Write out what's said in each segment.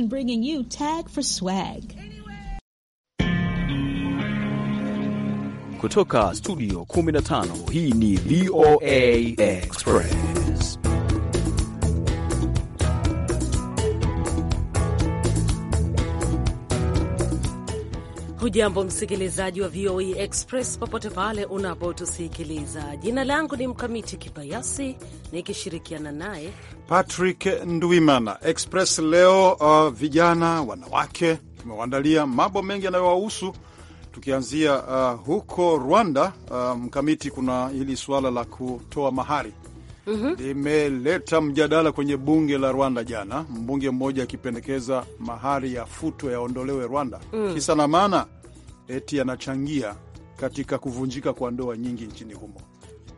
bringing you Tag for Swag. Kutoka studio 15 hii ni VOA Express. Hujambo msikilizaji wa VOA e Express popote pale unapotusikiliza. Jina langu ni Mkamiti Kibayasi nikishirikiana naye Patrick Ndwimana. Express leo, uh, vijana wanawake, tumewaandalia mambo mengi yanayowahusu tukianzia uh, huko Rwanda. Uh, Mkamiti, kuna hili suala la kutoa mahari Mm-hmm. limeleta mm -hmm. mjadala kwenye bunge la Rwanda jana, mbunge mmoja akipendekeza mahari ya futo yaondolewe Rwanda mm. kisa na maana eti yanachangia katika kuvunjika kwa ndoa nyingi nchini humo.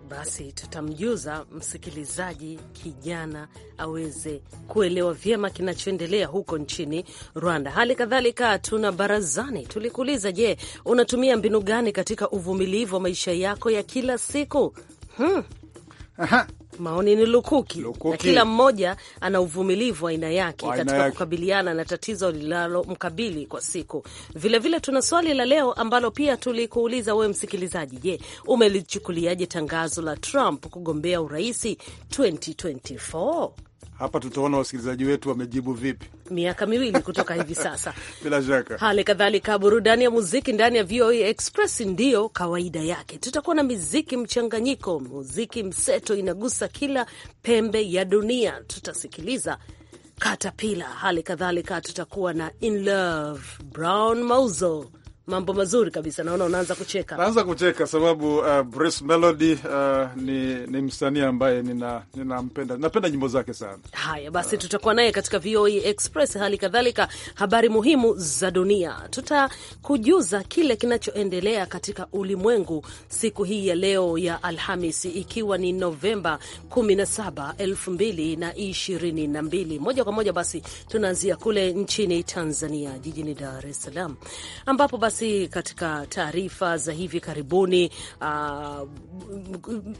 Basi tutamjuza msikilizaji kijana aweze kuelewa vyema kinachoendelea huko nchini Rwanda. Hali kadhalika tuna barazani, tulikuuliza, je, unatumia mbinu gani katika uvumilivu wa maisha yako ya kila siku? hmm. Aha, maoni ni lukuki, lukuki, na kila mmoja ana uvumilivu aina yake katika kukabiliana na tatizo linalomkabili kwa siku. Vilevile vile tuna swali la leo ambalo pia tulikuuliza wewe msikilizaji, je, umelichukuliaje tangazo la Trump kugombea uraisi 2024? Hapa tutaona wasikilizaji wetu wamejibu vipi, miaka miwili kutoka hivi sasa. Bila shaka, hali kadhalika burudani ya muziki ndani ya VOA e Express ndiyo kawaida yake. Tutakuwa na miziki mchanganyiko, muziki mseto, inagusa kila pembe ya dunia. Tutasikiliza Katapila, hali kadhalika tutakuwa na In Love Brown Mauzo mambo mazuri kabisa, naona unaanza kucheka. Naanza kucheka sababu uh, Bruce Melody uh, ni, ni msanii ambaye ninampenda, nina napenda nyimbo zake sana. Haya basi, uh, tutakuwa naye katika VOA e Express, hali kadhalika habari muhimu za dunia, tutakujuza kile kinachoendelea katika ulimwengu siku hii ya leo ya alhamis ikiwa ni Novemba 17, 2022. Moja kwa moja basi tunaanzia kule nchini Tanzania, jijini Dar es Salaam ambapo basi basi katika taarifa za hivi karibuni uh,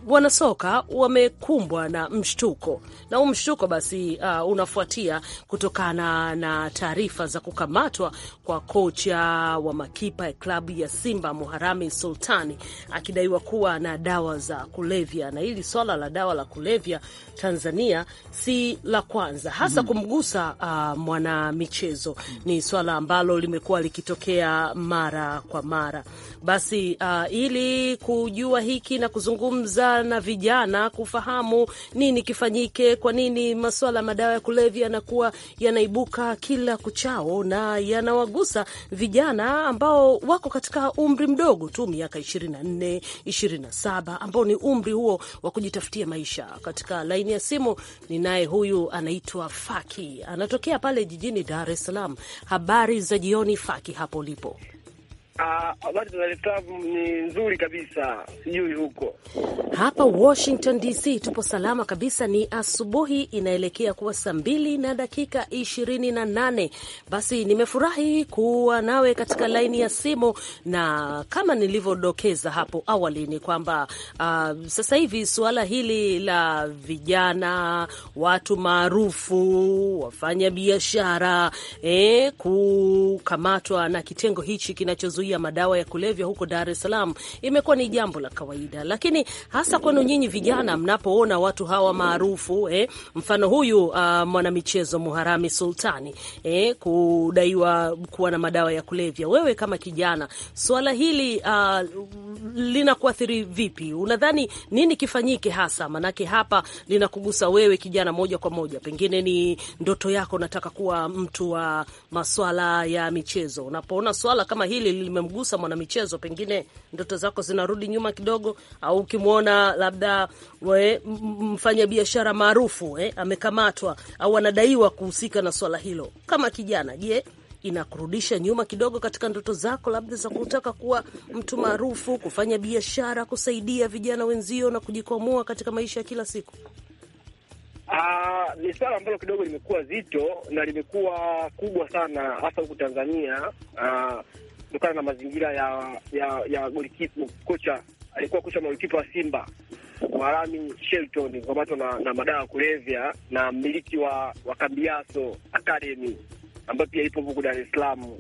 wanasoka wamekumbwa na mshtuko na huu mshtuko basi uh, unafuatia kutokana na taarifa za kukamatwa kwa kocha wa makipa ya klabu ya Simba Muharami Sultani akidaiwa kuwa na dawa za kulevya, na hili swala la dawa la kulevya Tanzania si la kwanza, hasa mm-hmm. kumgusa uh, mwanamichezo. Ni swala ambalo limekuwa likitokea ma mara kwa mara. Basi uh, ili kujua hiki na kuzungumza na vijana kufahamu nini kifanyike, kwa nini masuala ya madawa ya kulevya yanakuwa yanaibuka kila kuchao na yanawagusa vijana ambao wako katika umri mdogo tu, miaka 24, 27, ambao ni umri huo wa kujitafutia maisha. Katika laini ya simu ninaye huyu anaitwa Faki, anatokea pale jijini Dar es Salaam. Habari za jioni Faki, hapo ulipo? Ah, habari za Dar es Salaam ni nzuri kabisa, sijui huko. Hapa Washington DC tupo salama kabisa, ni asubuhi inaelekea kuwa saa mbili na dakika ishirini na nane. Basi nimefurahi kuwa nawe katika laini ya simu, na kama nilivyodokeza hapo awali ni kwamba uh, sasa hivi suala hili la vijana, watu maarufu, wafanya biashara eh, kukamatwa na kitengo hichi kinachozuia kuzuia madawa ya kulevya huko Dar es Salaam imekuwa ni jambo la kawaida, lakini hasa kwenu nyinyi vijana mnapoona watu hawa maarufu eh, mfano huyu uh, mwanamichezo Muharami Sultani eh, kudaiwa kuwa na madawa ya kulevya, wewe kama kijana, swala hili uh, linakuathiri vipi? Unadhani nini kifanyike hasa? Manake hapa linakugusa wewe kijana moja kwa moja, pengine ni ndoto yako, nataka kuwa mtu wa maswala ya michezo. Unapoona swala kama hili limemgusa mwanamichezo, pengine ndoto zako zinarudi nyuma kidogo, au ukimwona labda mfanya biashara maarufu eh, amekamatwa au anadaiwa kuhusika na swala hilo, kama kijana, je, inakurudisha nyuma kidogo katika ndoto zako labda za kutaka kuwa mtu maarufu, kufanya biashara, kusaidia vijana wenzio na kujikwamua katika maisha ya kila siku? Uh, ni swala ambalo kidogo limekuwa zito na limekuwa kubwa sana hasa huku Tanzania. Uh, kutokana na mazingira ya ya ya golikipa. Kocha alikuwa kocha magolikipa wa Simba Mwarami Shelton kamatwa na, na madawa kulevya na mmiliki wa, wa Kambiaso Academy ambayo pia ipo huko Dar es Salaam. Uh,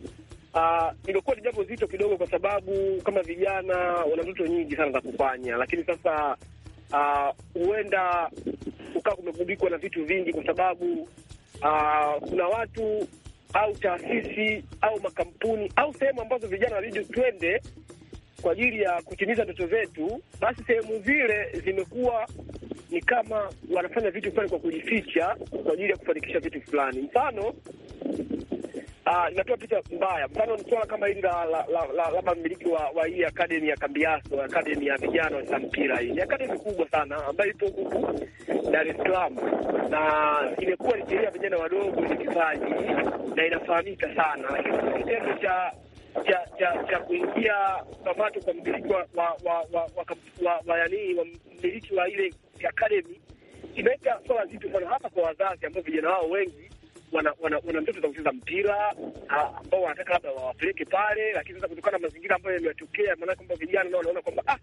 ah, ilikuwa ni jambo zito kidogo, kwa sababu kama vijana wana ndoto nyingi sana za kufanya, lakini sasa ah, huenda uh, ukaa kumegubikwa na vitu vingi, kwa sababu uh, kuna watu au taasisi au makampuni au sehemu ambazo vijana walijo twende kwa ajili ya kutimiza ndoto zetu, basi sehemu zile zimekuwa ni kama wanafanya vitu fulani kwa kujificha kwa ajili ya kufanikisha vitu fulani. Mfano, inatoa ah, picha mbaya. Mfano ni swala kama hili la la labda mmiliki wa, wa hii academy ya Kambiaso, academy ya vijana wa mpira. Hii ni akademi kubwa sana ambayo ipo huku Dar es Salaam na imekuwa ikiria vijana wadogo ni kipaji na inafahamika sana, lakini kitendo cha cha cha cha kuingia mapato kwa mmiliki wa wa wa wa, wa, wa, yani wa mmiliki wa ile akademi inaweka swala zito sana hata kwa wazazi ambao vijana wao wengi wana, wana, wana ndoto za kucheza mpira ah, ambao wanataka labda wawapeleke pale, lakini sasa kutokana na mazingira ambayo yametokea, maanake kwamba vijana nao wanaona kwamba ah,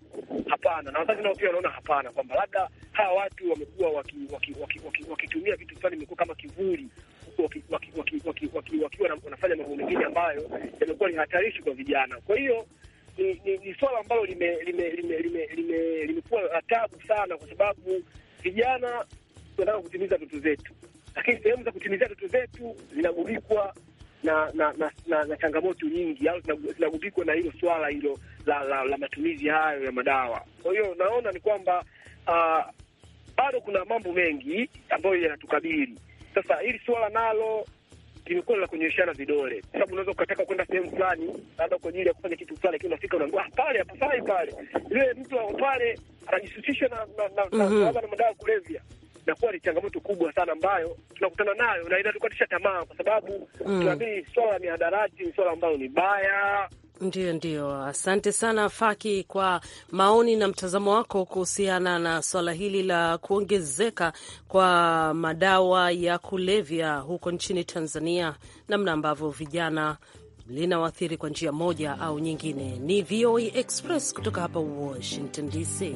hapana, na wazazi nao pia wanaona hapana, kwamba labda hawa watu wamekuwa wakitumia waki, waki, waki, waki vitu fulani, imekuwa kama kivuli wakiwa wanafanya mambo mengine ambayo yamekuwa ni hatarishi kwa vijana. Kwa hiyo ni, ni, ni swala ambalo limekuwa lime, lime, lime, lime, lime, lime tabu sana, kwa sababu vijana tunataka kutimiza ndoto zetu lakini sehemu za kutimizia ndoto zetu zinagubikwa na na, na, na na changamoto nyingi au zinagubikwa na hilo swala hilo la, la, la matumizi hayo ya madawa. Kwa hiyo naona ni kwamba uh, bado kuna mambo mengi ambayo yanatukabili sasa. Hili swala nalo limekuwa la kunyeshana vidole, kwa sababu unaweza ukataka kwenda sehemu fulani, labda kwa ajili ya kufanya kitu fulani, lakini unafika unaambiwa ah, pale hapafai pale, yule mtu pale anajihusisha na na, na, mm -hmm. na madawa kulevya inakuwa ni changamoto kubwa sana ambayo tunakutana nayo na inatukatisha tamaa, kwa sababu mm, tunaamini swala ni mihadarati ni swala ambayo ni baya. Ndio, ndio. Asante sana Faki kwa maoni na mtazamo wako kuhusiana na swala hili la kuongezeka kwa madawa ya kulevya huko nchini Tanzania, namna ambavyo vijana linawaathiri kwa njia moja au nyingine. Ni VOA e Express kutoka hapa Washington DC.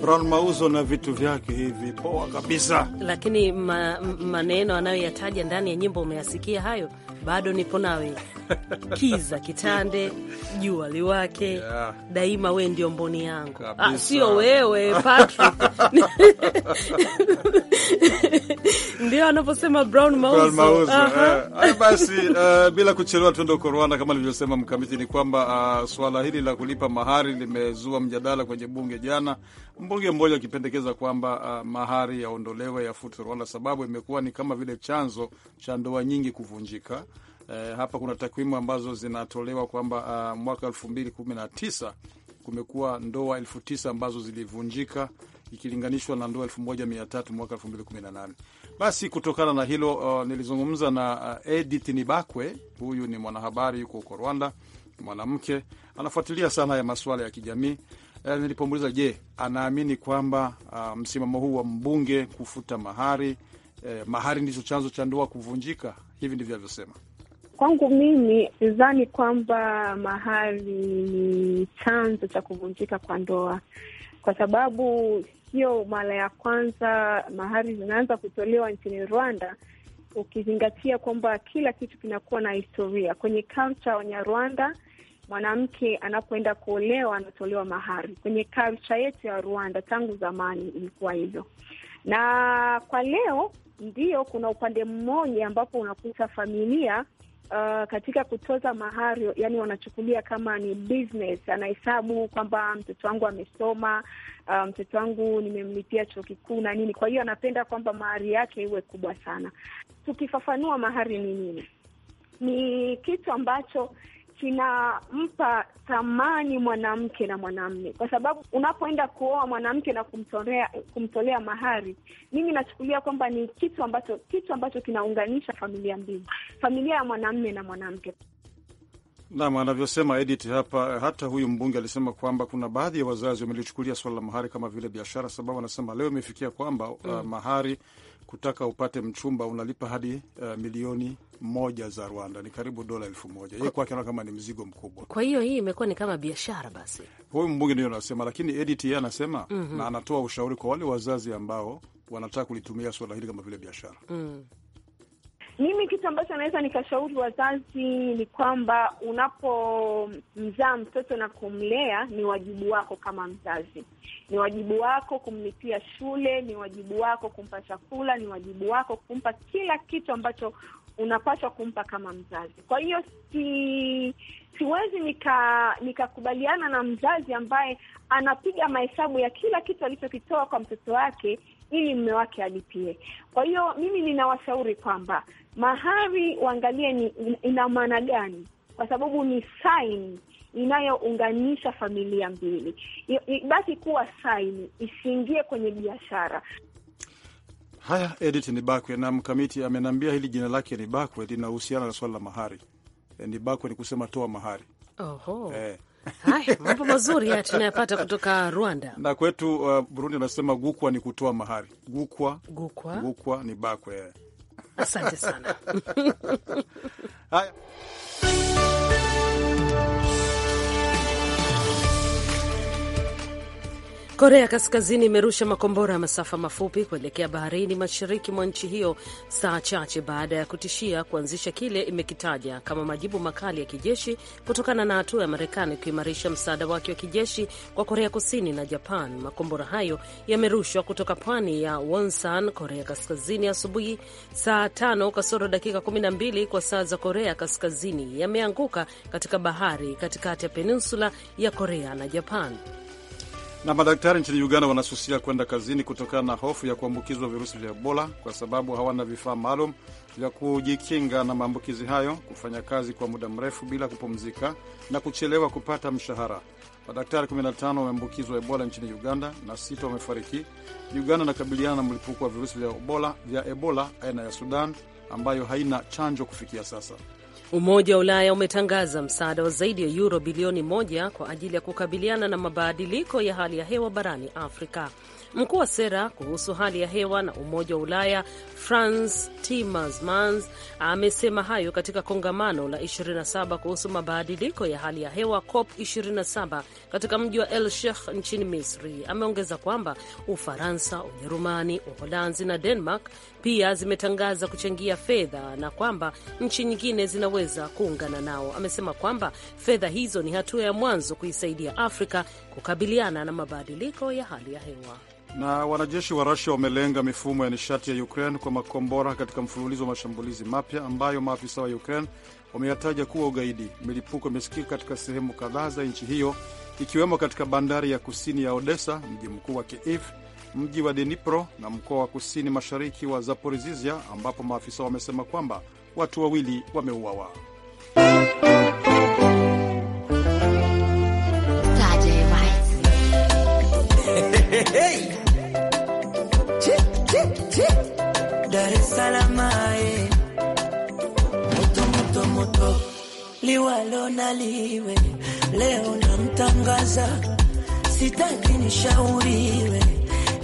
Brown uh, mauzo na vitu vyake hivi poa kabisa, lakini ma, maneno anayoyataja ndani ya nyimbo umeyasikia hayo, bado nipo nawe kiza kitande jua liwake yeah. Daima we ndio mboni yangu, ah, sio wewe Patrick ndio anaposema Brown Mauzo. Eh. Basi uh, bila kuchelewa tuende uko Rwanda. Kama alivyosema mkamiti ni kwamba uh, swala hili la kulipa mahari limezua mjadala kwenye bunge jana, mbunge mmoja akipendekeza kwamba uh, mahari yaondolewe yafutwe Rwanda, sababu imekuwa ni kama vile chanzo cha ndoa nyingi kuvunjika. Uh, hapa kuna takwimu ambazo zinatolewa kwamba uh, mwaka elfu mbili kumi na tisa kumekuwa ndoa elfu tisa ambazo zilivunjika ikilinganishwa na ndoa tatu mwaka nane. Basi kutokana na hilo uh, nilizungumza na uh, Edith Nibakwe. Huyu ni mwanahabari yuko huko Rwanda, mwanamke anafuatilia sana ya masuala ya kijamii. Uh, nilipomuuliza je, anaamini kwamba uh, msimamo huu wa mbunge kufuta mahari Eh, mahari ndicho chanzo cha ndoa kuvunjika. Hivi ndivyo alivyosema. Kwangu mimi sidhani kwamba mahari ni chanzo cha kuvunjika kwa ndoa, kwa sababu hiyo mara ya kwanza mahari zinaanza kutolewa nchini Rwanda, ukizingatia kwamba kila kitu kinakuwa na historia kwenye culture rwanda Mwanamke anapoenda kuolewa anatolewa mahari. Kwenye culture yetu ya Rwanda tangu zamani ilikuwa hivyo, na kwa leo ndio kuna upande mmoja ambapo unakuta familia uh, katika kutoza mahari, yani wanachukulia kama ni business. Anahesabu kwamba mtoto wangu amesoma, uh, mtoto wangu nimemlipia chuo kikuu na nini, kwa hiyo anapenda kwamba mahari yake iwe kubwa sana. Tukifafanua mahari ni nini, ni kitu ambacho kinampa thamani mwanamke na mwanamme, kwa sababu unapoenda kuoa mwanamke na kumtolea kumtolea mahari, mimi nachukulia kwamba ni kitu ambacho kitu ambacho kinaunganisha familia mbili, familia ya mwanamme na mwanamke. Nam anavyosema Edith hapa, hata huyu mbunge alisema kwamba kuna baadhi ya wazazi wamelichukulia swala la mahari kama vile biashara, sababu anasema leo imefikia kwamba uh, mm. uh, mahari kutaka upate mchumba unalipa hadi uh, milioni moja za Rwanda, ni karibu dola elfu moja. Yeye kwake anaona kama ni mzigo mkubwa. Kwa hiyo hii imekuwa ni kama biashara. Basi huyu mbunge ndio anasema, lakini Edit yeye anasema mm -hmm. na anatoa ushauri kwa wale wazazi ambao wanataka kulitumia suala hili kama vile biashara mm. Mimi kitu ambacho naweza nikashauri wazazi ni kwamba unapomzaa mtoto na kumlea, ni wajibu wako kama mzazi, ni wajibu wako kumlipia shule, ni wajibu wako kumpa chakula, ni wajibu wako kumpa kila kitu ambacho unapaswa kumpa kama mzazi. Kwa hiyo si siwezi nikakubaliana nika na mzazi ambaye anapiga mahesabu ya kila kitu alichokitoa kwa mtoto wake ili mme wake alipie. Kwa hiyo mimi ninawashauri kwamba mahari waangalie ni ina maana gani, kwa sababu ni saini inayounganisha familia mbili, ibaki kuwa saini isiingie kwenye biashara. Haya, Edith Bakwe na mkamiti amenaambia hili jina lake ni bakwe linahusiana na swala la mahari. Eh, bakwe ni kusema toa mahari. Oho. Eh. Haya, mambo mazuri tunayapata kutoka Rwanda na kwetu. Uh, Burundi unasema gukwa ni kutoa mahari. Gukwa, gukwa, gukwa ni bakwe. Asante sana haya Korea Kaskazini imerusha makombora ya masafa mafupi kuelekea baharini mashariki mwa nchi hiyo saa chache baada ya kutishia kuanzisha kile imekitaja kama majibu makali ya kijeshi kutokana na hatua ya Marekani kuimarisha msaada wake wa kijeshi kwa Korea Kusini na Japan. Makombora hayo yamerushwa kutoka pwani ya Wonsan, Korea Kaskazini, asubuhi saa tano kasoro dakika 12 kwa saa za Korea Kaskazini. Yameanguka katika bahari katikati ya peninsula ya Korea na Japan. Na madaktari nchini Uganda wanasusia kwenda kazini kutokana na hofu ya kuambukizwa virusi vya Ebola kwa sababu hawana vifaa maalum vya kujikinga na maambukizi hayo, kufanya kazi kwa muda mrefu bila kupumzika na kuchelewa kupata mshahara. Madaktari 15 wameambukizwa Ebola nchini Uganda na sita wamefariki. Uganda inakabiliana na mlipuko wa virusi vya Ebola vya Ebola aina ya Sudan ambayo haina chanjo kufikia sasa. Umoja wa Ulaya umetangaza msaada wa zaidi ya yuro bilioni moja kwa ajili ya kukabiliana na mabadiliko ya hali ya hewa barani Afrika. Mkuu wa sera kuhusu hali ya hewa na Umoja wa Ulaya Frans Timmermans amesema hayo katika kongamano la 27 kuhusu mabadiliko ya hali ya hewa COP 27 katika mji wa El Sheikh nchini Misri. Ameongeza kwamba Ufaransa, Ujerumani, Uholanzi na Denmark pia zimetangaza kuchangia fedha na kwamba nchi nyingine zinaweza kuungana nao. Amesema kwamba fedha hizo ni hatua ya mwanzo kuisaidia Afrika kukabiliana na mabadiliko ya hali ya hewa. Na wanajeshi wa Rusia wamelenga mifumo ya nishati ya Ukraine kwa makombora katika mfululizo wa mashambulizi mapya ambayo maafisa wa Ukraine wameyataja kuwa ugaidi. Milipuko imesikika katika sehemu kadhaa za nchi hiyo, ikiwemo katika bandari ya kusini ya Odessa, mji mkuu wa Kiev mji wa Dnipro na mkoa wa kusini mashariki wa Zaporizhia ambapo maafisa wamesema kwamba watu wawili wameuawa. liwalo na liwe leo namtangaza, sitaki nishauriwe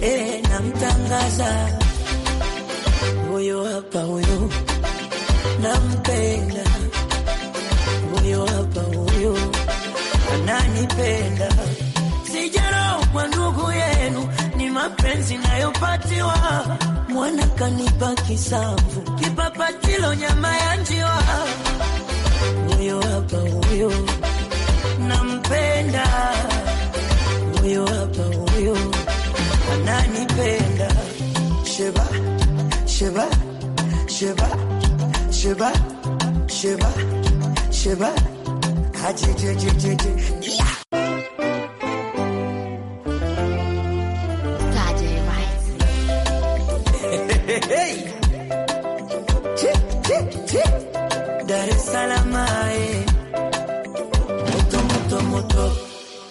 eh, namtangaza huyo hapa, huyo nampenda, huyo hapa, huyo ananipenda. sijaro kwa ndugu yenu, ni mapenzi nayopatiwa. Mwana kanipa kisamvu, kipapatilo nyama ya njiwa, huyo hapa, huyo nampenda, huyo hapa, huyo Sheba, Sheba, Sheba, Sheba, Sheba, Sheba, Dar es Salaam eh.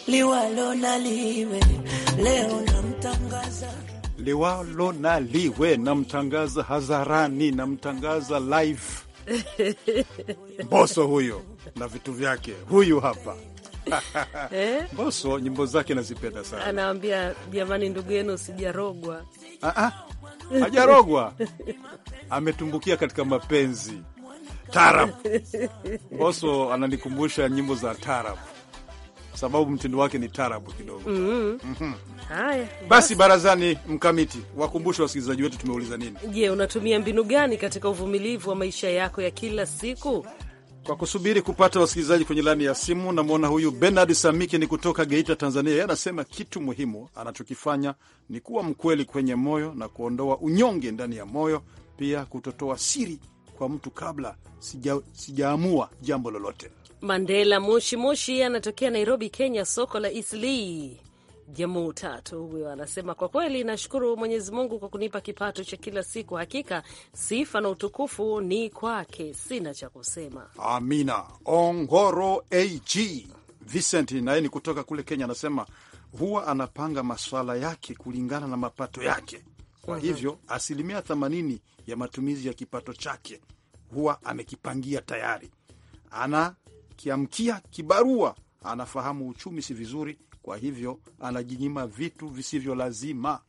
liwalo na liwe leo liwalo na liwe, namtangaza hadharani, namtangaza live Mboso huyo na vitu vyake, huyu hapa eh? Mboso nyimbo zake nazipenda sana. anawambia jamani, ndugu yenu sijarogwa. Ah, ah, hajarogwa, ametumbukia katika mapenzi tarab. Mboso ananikumbusha nyimbo za tarab sababu mtindo wake ni tarabu kidogo. mm -hmm. mm -hmm. Basi barazani, mkamiti wakumbushe wasikilizaji wetu, tumeuliza nini? Je, unatumia mbinu gani katika uvumilivu wa maisha yako ya kila siku? Kwa kusubiri kupata wasikilizaji kwenye laini ya simu, namwona huyu Bernard Samike ni kutoka Geita, Tanzania. Yeye anasema kitu muhimu anachokifanya ni kuwa mkweli kwenye moyo na kuondoa unyonge ndani ya moyo, pia kutotoa siri kwa mtu kabla sija, sijaamua jambo lolote. Mandela Moshi Moshi anatokea Nairobi, Kenya, soko la Eastleigh Jamu tatu huyo anasema, kwa kweli nashukuru Mwenyezi Mungu kwa kunipa kipato cha kila siku. Hakika sifa na utukufu ni kwake, sina cha kusema. Amina Ongoro AG Vincent naye ni kutoka kule Kenya, anasema huwa anapanga maswala yake kulingana na mapato yake, kwa mhm. hivyo asilimia thamanini ya matumizi ya kipato chake huwa amekipangia tayari, ana kiamkia, kibarua, anafahamu uchumi si vizuri, kwa hivyo anajinyima vitu visivyo lazima.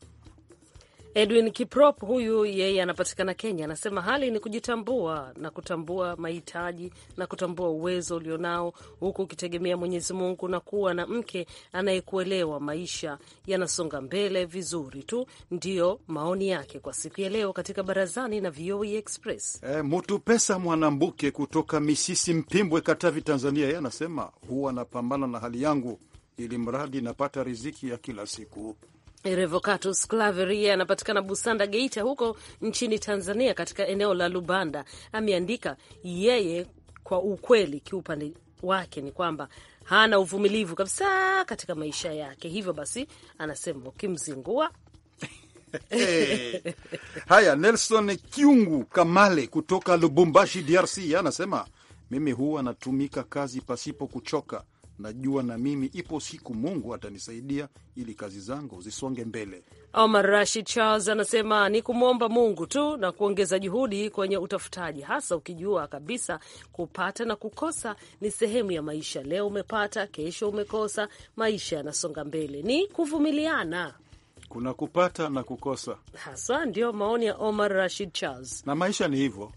Edwin Kiprop huyu yeye anapatikana Kenya, anasema hali ni kujitambua na kutambua mahitaji na kutambua uwezo ulionao, huku ukitegemea Mwenyezi Mungu na kuwa na mke anayekuelewa. Maisha yanasonga mbele vizuri tu. Ndiyo maoni yake kwa siku ya leo katika barazani na VOA e Express. E, Mutu Pesa Mwanambuke kutoka Misisi Mpimbwe, Katavi, Tanzania, yeye anasema huwa anapambana na hali yangu ili mradi napata riziki ya kila siku. Revocatus Claveria anapatikana Busanda, Geita huko nchini Tanzania, katika eneo la Lubanda. Ameandika yeye kwa ukweli, kiupande wake ni kwamba hana uvumilivu kabisa katika maisha yake, hivyo basi anasema ukimzingua Hey. Haya, Nelson Kiungu Kamale kutoka Lubumbashi, DRC anasema mimi huwa anatumika kazi pasipo kuchoka, najua na mimi ipo siku Mungu atanisaidia ili kazi zangu zisonge mbele. Omar Rashid Charles anasema ni kumwomba Mungu tu na kuongeza juhudi kwenye utafutaji, hasa ukijua kabisa kupata na kukosa ni sehemu ya maisha. Leo umepata, kesho umekosa, maisha yanasonga mbele, ni kuvumiliana kuna kupata na kukosa hasa. Ndio maoni ya Omar Rashid Charles, na maisha ni hivyo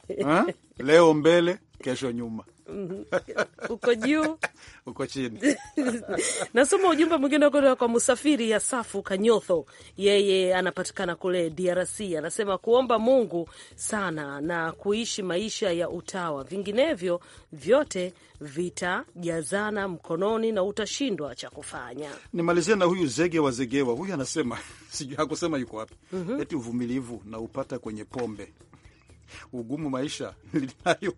leo mbele, kesho nyuma. Mm-hmm. uko juu uko chini. Nasoma ujumbe mwingine kutoka kwa Musafiri ya Safu Kanyotho, yeye anapatikana kule DRC. Anasema kuomba Mungu sana na kuishi maisha ya utawa, vinginevyo vyote vitajazana mkononi na utashindwa cha kufanya. Nimalizia na huyu Zege wa Zegewa, huyu anasema sijui hakusema yuko wapi, mm -hmm. eti uvumilivu na upata kwenye pombe ugumu maisha nilinayo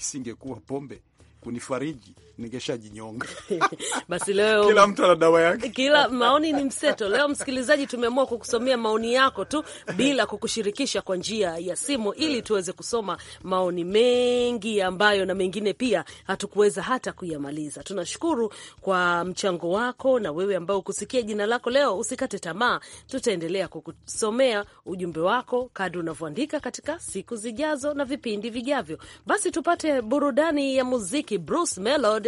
isingekuwa pombe kunifariji ningeshajinyonga basi leo kila mtu ana dawa yake, kila maoni ni mseto. Leo msikilizaji, tumeamua kukusomea maoni yako tu bila kukushirikisha kwa njia ya simu, ili tuweze kusoma maoni mengi ambayo na mengine pia hatukuweza hata kuyamaliza. Tunashukuru kwa mchango wako, na wewe ambao ukusikia jina lako leo, usikate tamaa, tutaendelea kukusomea ujumbe wako kadri unavyoandika katika siku zijazo na vipindi vijavyo. Basi tupate burudani ya muziki Bruce Melody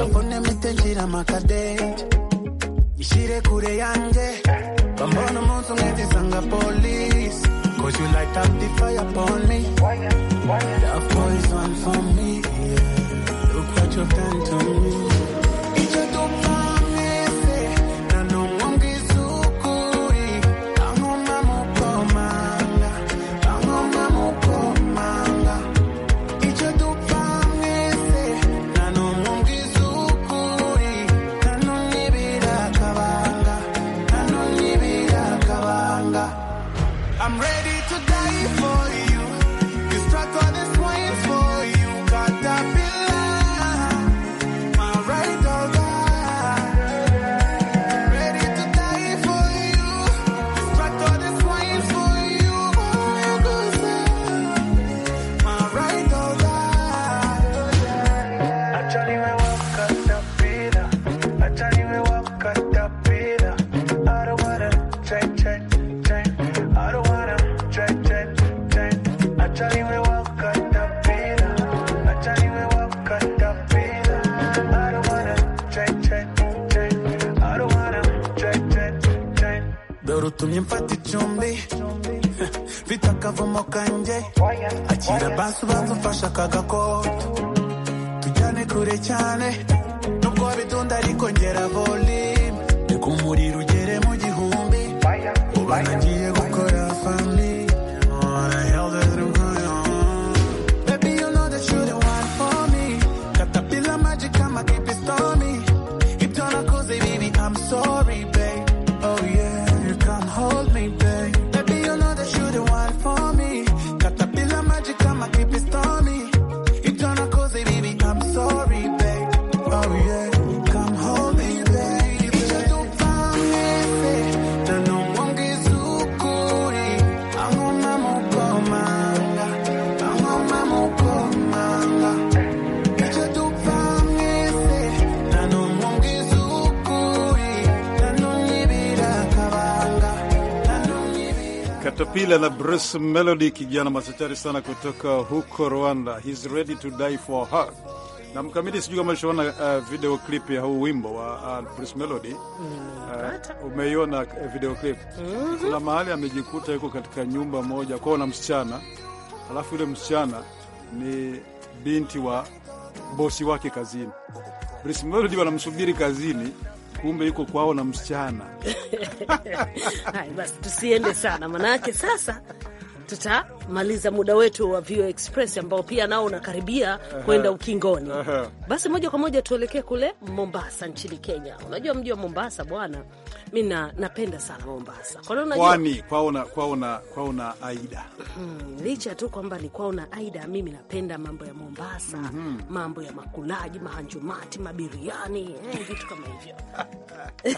bambone mitegera amakadenti ishire kure yanje bambona umunsi umwe ndisanga polisi cause you light up the fire upon me that poison for me yeah. look what you've done to me mfashe aka gakobwa tujyane kure cyane nubwo wabidunda ariko ngera volume reka umuriro ugere mu gihumbi ubanangiye Caterpillar na Bruce Melody, kijana machachari sana kutoka huko Rwanda. He's ready to die for her na mkamiti, sijui kama ulishaona uh, video clip ya huu wimbo wa uh, Bruce Melody uh, umeiona video clip? Mhm. Kuna mahali amejikuta yuko katika nyumba moja kwao na msichana, alafu yule msichana ni binti wa bosi wake kazini. Bruce Melody wanamsubiri kazini kumbe yuko kwao na msichana. basi tusiende sana manake sasa tutamaliza muda wetu wa Vio Express ambao pia nao unakaribia kwenda ukingoni. Basi moja kwa moja tuelekee kule Mombasa nchini Kenya. Unajua mji wa Mombasa bwana, mi napenda sana Mombasa kwani na kwaona aida hmm, licha tu kwamba ni kwao na aida, mimi napenda mambo ya Mombasa mm -hmm. mambo ya makulaji, mahanjumati, mabiriani, eh, vitu kama hivyo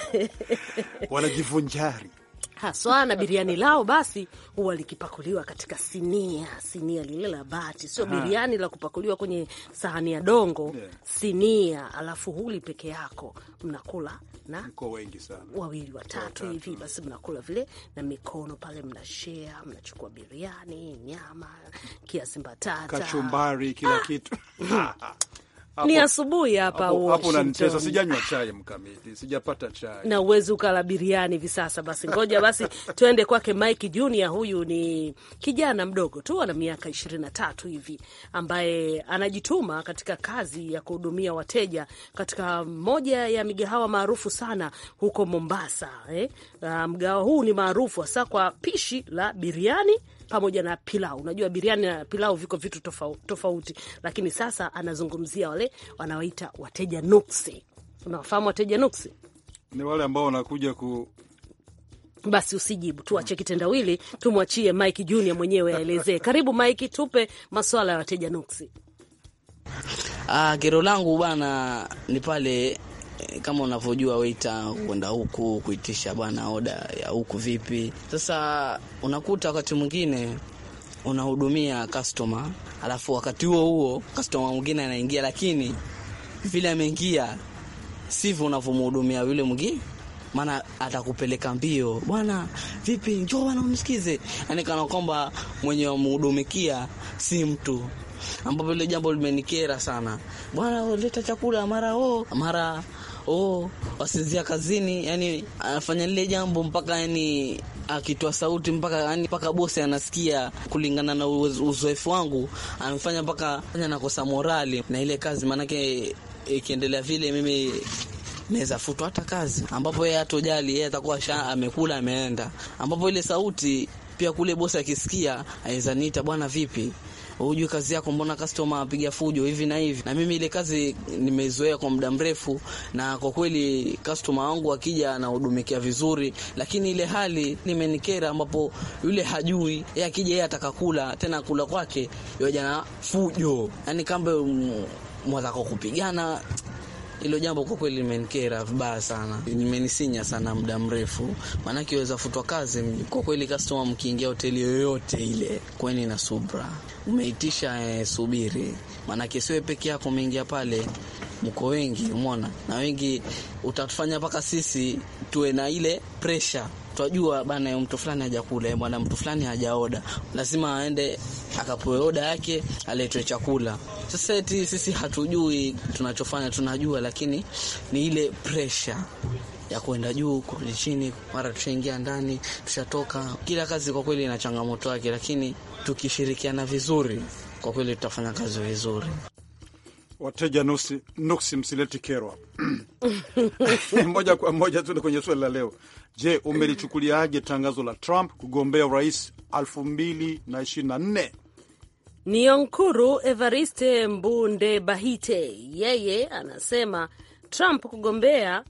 wanajivunjari haswa na biriani lao basi huwa likipakuliwa katika sinia, sinia lile la bati, sio biriani la kupakuliwa kwenye sahani ya dongo yeah. Sinia alafu huli peke yako, mnakula na mko wengi sana, wawili watatu hivi, basi mnakula vile na mikono pale, mnashea, mnachukua biriani, nyama, kiasi mbatata, kachumbari, kila ah! kitu mm. ni asubuhi hapa hapo, unanicheza. Sijanywa chai mkamiti, sijapata chai na uwezi ukala biriani hivi sasa. Basi ngoja basi tuende kwake Mike Junior. Huyu ni kijana mdogo tu ana miaka ishirini na tatu hivi ambaye anajituma katika kazi ya kuhudumia wateja katika moja ya migahawa maarufu sana huko Mombasa eh? Ah, mgahawa huu ni maarufu hasa kwa pishi la biriani pamoja na pilau. Unajua biriani na pilau viko vitu tofauti lakini sasa anazungumzia wale wanawaita wateja nuksi. Unawafahamu wateja nuksi? Ni wale ambao wanakuja ku basi usijibu, tuache kitendawili, tumwachie Mike Junior mwenyewe aelezee. Karibu Mike, tupe maswala ya wateja nuksi. Ah, gero langu bana ni pale Eh, kama unavyojua waita kwenda huku kuitisha bwana oda ya huku vipi. Sasa unakuta wakati mwingine unahudumia customer, alafu wakati huo huo customer mwingine anaingia, lakini vile ameingia sivyo unavyomhudumia yule mwingine maana atakupeleka mbio, bwana vipi, njoo bwana umsikize. Yani kana kwamba mwenye wamhudumikia si mtu, ambapo ile jambo limenikera sana. Bwana leta chakula mara o mara oh, wasinzia kazini, yani anafanya lile jambo mpaka yani akitoa sauti mpaka yani mpaka bosi anasikia. Kulingana na uzoefu wangu, amefanya mpaka nakosa morali na ile kazi, maanake ikiendelea vile mimi naweza futwa hata kazi, ambapo yeye hatojali, yeye atakuwa sha amekula ameenda, ambapo ile sauti pia kule bosi akisikia aweza niita bwana, vipi ujue kazi yako, mbona kastoma apiga fujo hivi na hivi. Na mimi ile kazi nimeizoea kwa muda mrefu, na kwa kweli kastoma wangu akija anahudumikia vizuri, lakini ile hali nimenikera, ambapo yule hajui yeye, akija yeye ataka kula tena, kula kwake yoja na fujo, yani kamba mwataka kupigana hilo jambo kwa kweli limenikera vibaya sana, nimenisinya sana muda mrefu, maanake weza futwa kazi. Kwa kweli, kastoma, mkiingia hoteli yoyote ile, kweni na subra umeitisha eh, subiri, maanake siwe peke yako umeingia pale, mko wengi, umeona na wengi, utatufanya mpaka sisi tuwe na ile pressure Twajua bana, mtu fulani hajakula bwana, mtu fulani hajaoda, lazima aende akapoe oda yake, aletwe chakula. Sasa eti sisi hatujui tunachofanya, tunajua, lakini ni ile pressure ya kuenda juu kurudi chini, mara tushaingia ndani tushatoka. Kila kazi kwa kweli ina changamoto yake, lakini tukishirikiana vizuri, kwa kweli tutafanya kazi vizuri. Wateja nusi, nuksi msileti kerwa moja kwa moja tuende kwenye swali la leo. Je, umelichukuliaje tangazo la Trump kugombea urais 2024? Nionkuru Evariste Mbunde Bahite yeye anasema Trump kugombea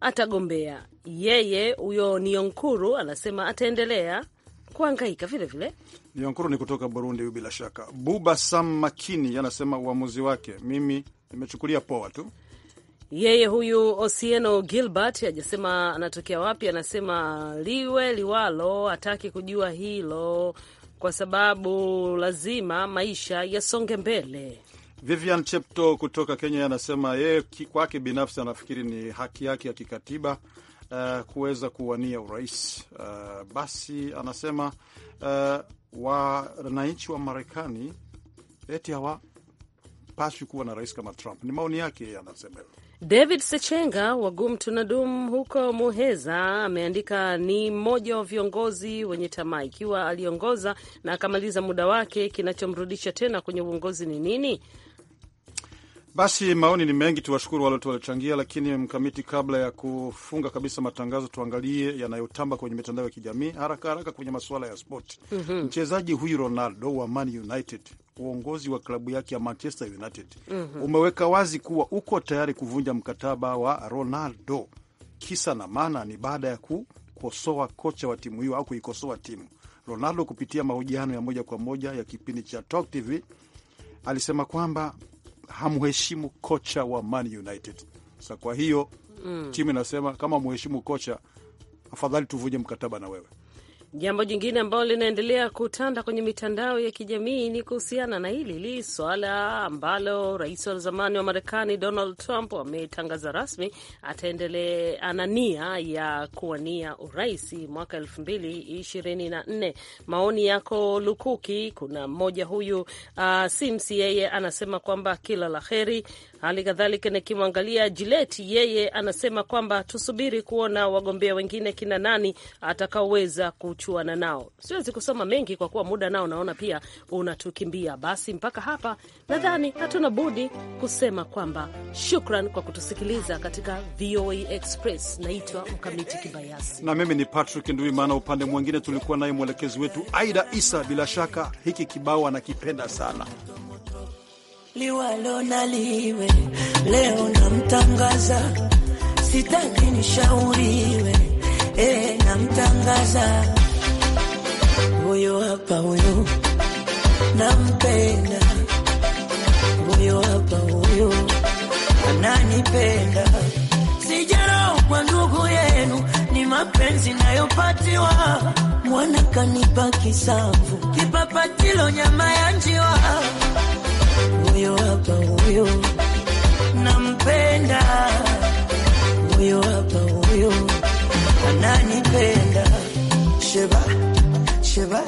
atagombea yeye. Huyo nionkuru anasema ataendelea kuangaika vilevile. nionkuru ni kutoka Burundi huyu. Bila shaka, Buba Sam Makini anasema uamuzi wake mimi nimechukulia poa tu. Yeye huyu Osieno Gilbert hajasema anatokea wapi, anasema liwe liwalo, hataki kujua hilo kwa sababu lazima maisha yasonge mbele. Vivian Chepto kutoka Kenya anasema yeye kwake binafsi anafikiri ni haki yake ya kikatiba uh, kuweza kuwania urais. Uh, basi anasema uh, wananchi wa Marekani eti hawapaswi kuwa na rais kama Trump. Ni maoni yake yeye, anasema hivyo. David Sechenga wa Gumtunadum huko Muheza ameandika ni mmoja wa viongozi wenye tamaa. Ikiwa aliongoza na akamaliza muda wake, kinachomrudisha tena kwenye uongozi ni nini? Basi maoni ni mengi, tuwashukuru wale waliochangia, lakini Mkamiti, kabla ya kufunga kabisa matangazo, tuangalie yanayotamba kwenye mitandao ya kijamii haraka haraka kwenye masuala ya spoti. mm -hmm. Mchezaji huyu Ronaldo wa Man United, uongozi wa klabu yake ya Manchester United mm -hmm. umeweka wazi kuwa uko tayari kuvunja mkataba wa Ronaldo. Kisa na maana ni baada ya kukosoa kocha wa timu hiyo au kuikosoa timu. Ronaldo kupitia mahojiano ya moja kwa moja ya kipindi cha Talk TV alisema kwamba hamheshimu kocha wa Man United. kwa hiyo mm, timu inasema kama mheshimu kocha, afadhali tuvunje mkataba na wewe. Jambo jingine ambalo linaendelea kutanda kwenye mitandao ya kijamii ni kuhusiana na hili li swala ambalo rais wa zamani wa Marekani Donald Trump ametangaza rasmi ataendelea na nia ya kuwania urais mwaka elfu mbili ishirini na nne. Maoni yako lukuki. Kuna mmoja huyu uh, Sims yeye anasema kwamba kila la heri. Hali kadhalika nikimwangalia Jileti yeye anasema kwamba tusubiri kuona wagombea wengine kina nani atakaoweza kuchu kuchuana nao. Siwezi kusoma mengi kwa kuwa muda nao naona pia unatukimbia. Basi mpaka hapa, nadhani hatuna budi kusema kwamba shukran kwa kutusikiliza katika VOA Express. Naitwa Mkamiti Kibayasi na mimi ni Patrick Nduimana. Upande mwingine tulikuwa naye mwelekezi wetu Aida Isa. Bila shaka hiki kibao anakipenda sana liwalo na liwe leo namtangaza, sitaki nishauriwe, e, namtangaza huyo hapa huyo nampenda, huyo hapa huyo ananipenda. Sijarau kwa ndugu yenu, ni mapenzi nayopatiwa. Mwana kanipa kisamvu, kipapatilo nyama ya njiwa. Huyo hapa huyo nampenda, huyo hapa huyo ananipenda. Sheba c'est vrai.